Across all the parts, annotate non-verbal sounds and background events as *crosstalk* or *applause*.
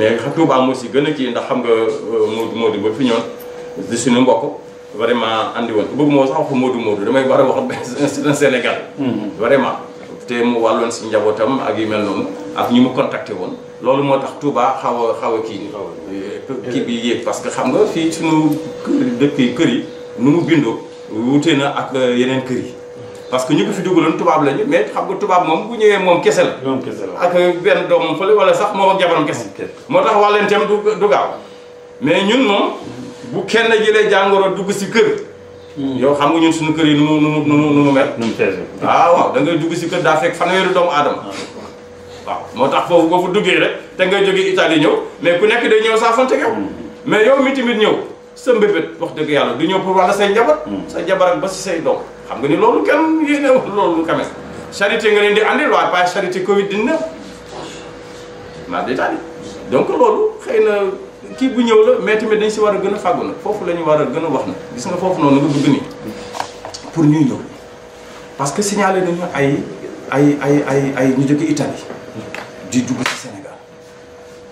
mais xam Touba moo si gën a kii ndax xam nga euh, Modou Modou ba fi ñoon di suñu mbokk vraiment andi woon ku bëgg moo sax wax Modou Modou damay war a wax *laughs* Sénégal mm-hmm. vraiment mu wàlloon si njabootam ak yu mel ak ñi mu contacté woon loolu moo tax Touba xaw xaw a kii ni kii bi yéeg parce que xam nga fii suñu dëkk yi kër yi nu mu bindoo wutee na ak euh, yeneen kër yi parce que ñu ko fi dugaloon tubaab lañu mais xam nga tubaab moom bu ñëwee moom kese la. ak benn doomam fële wala sax moo ak jabaram kese. moo tax wàlleen tam du du gaaw mais ñun moom bu kenn jëlee jàngoro dugg si kër. Hmm. yow xam nga ñun suñu kër yi nu mu nu mu nu mu mel. waaw ah, waaw da ngay dugg si kër daa fekk fanweeri doomu aadama. Ah. waaw moo tax foofu boo fa duggee rek te ngay jógee Italie ñëw mais ku nekk day ñëw saa fante yow. Hmm. mais yow mi tamit ñëw sa mbébét wax dëgg yàlla du ñëw pour wàll say hmm. sa jabar ak ba si say doom xam nga ni loolu kenn yéene loolu quand même charité nga leen di andil waaye pas charité Covid 19 loolu xëy na kii bu ñëw la mais tamit dañ si war a gën a nag foofu la ñu war a gën a wax na gis nga foofu noonu nga bëgg pour ñuy ñëw parce que signalé nañu ay ay ay ay ay ñu jóge Italie di dugg ci Sénégal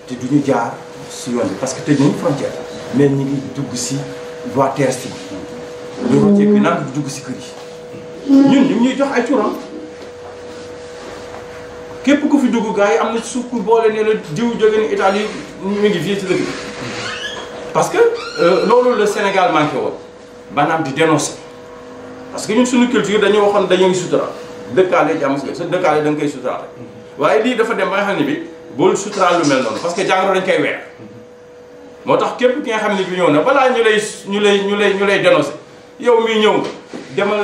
te du ñu jaar si yoon bi parce que te nañu frontière mais ñu ngi dugg si voie terrestre loolu ceeb bi dugg si kër yi. ñun ñu ñuy jox ay turam képp ku fi dugg gars yi am na suuf ku boole ne la diw jóge ni Italie mi ngi fii ci dëkk bi parce que euh, loolu la Sénégal manqué woon maanaam di dénoncer parce que ñun suñu culture dañu waxoon dañu ngi sutura dëkkaale jàmm si sa dëkkaale da nga koy suturaale waaye lii dafa dem ba nga xam ne bi bul suturaal lu mel noonu parce que jàngoro dañ koy weer moo tax képp ki nga xam ne bi ñëw na balaa ñu lay ñu lay ñu lay ñu lay dénoncer yow miy ñëw demal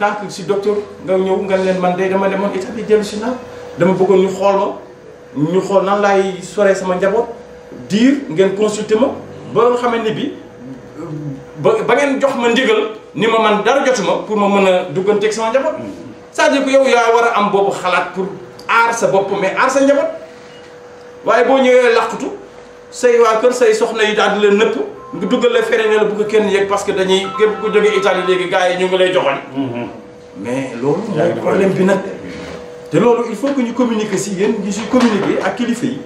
donc si docteur nga ñëw nga leen man de dama demoon Italie dellu si naa dama bëggoon ñu xool ma ñu xool nan laay soree sama njaboot diir ngeen consulter ma ba nga xamante ni bi ba ba ngeen jox ma ndigal ni ma man dara ma pour ma mën a dugganteeg sama njaboot c'est-à-dire que yow yaa war a am boobu xalaat pour aar sa bopp mais aar sa njaboot waaye boo ñëwee làqatu say waa kër say soxna yi daal di leen nëpp nga duggal la fere ne la bu ko kenn yëg parce que dañuy képp ku jóge Italie léegi gars yi ñu ngi lay joxoñ mm-hmm. mais loolu mooy problème bi nag te loolu il faut que ñu communiquer si yéen ñu si communiquer ak kilifa yi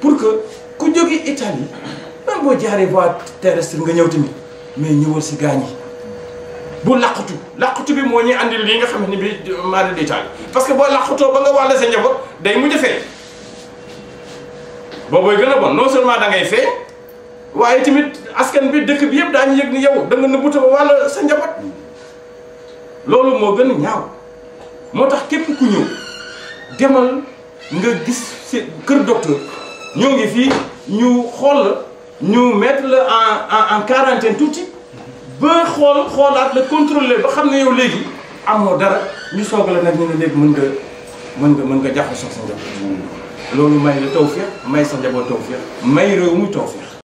pour que ku jóge Italie même boo jaaree voie terrestre nga ñëw tamit mais ñëwal si gaa yi bu laqatu laqatu bi moo ñuy andil lii nga xam ne bi maa di Italie parce que boo laqatoo ba nga wàll sa njaboot day mujj boobooy gën a bon non seulement da fee waaye tamit askan bi dëkk bi yëpp daañu yëg ni yow da nga nëbbuta ba wàll sa njaboot loolu moo gën a ñaaw moo tax képp ku ñëw demal nga gis si kër docteur ñoo ngi fii ñu xool la ñu mettre la en en quarantaine tuuti ba xool xoolaat la contrôler ba xam ne yow léegi am moo dara ñu soog la nag ñu ne léegi mën nga mën nga mën nga jaxasoo sa njaboot loolu may la tawfeex may sa njaboot tawfeex may réew mi tawfeex